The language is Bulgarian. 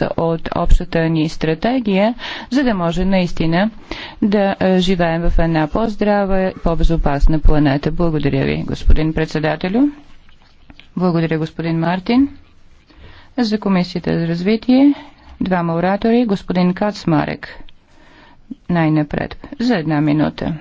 част от общата ни стратегия, за да може наистина да е, живеем в една по-здрава, и по-безопасна планета. Благодаря ви, господин председателю. Благодаря, господин Мартин. За Комисията за развитие двама оратори, господин Кацмарек. Най-напред, за една минута.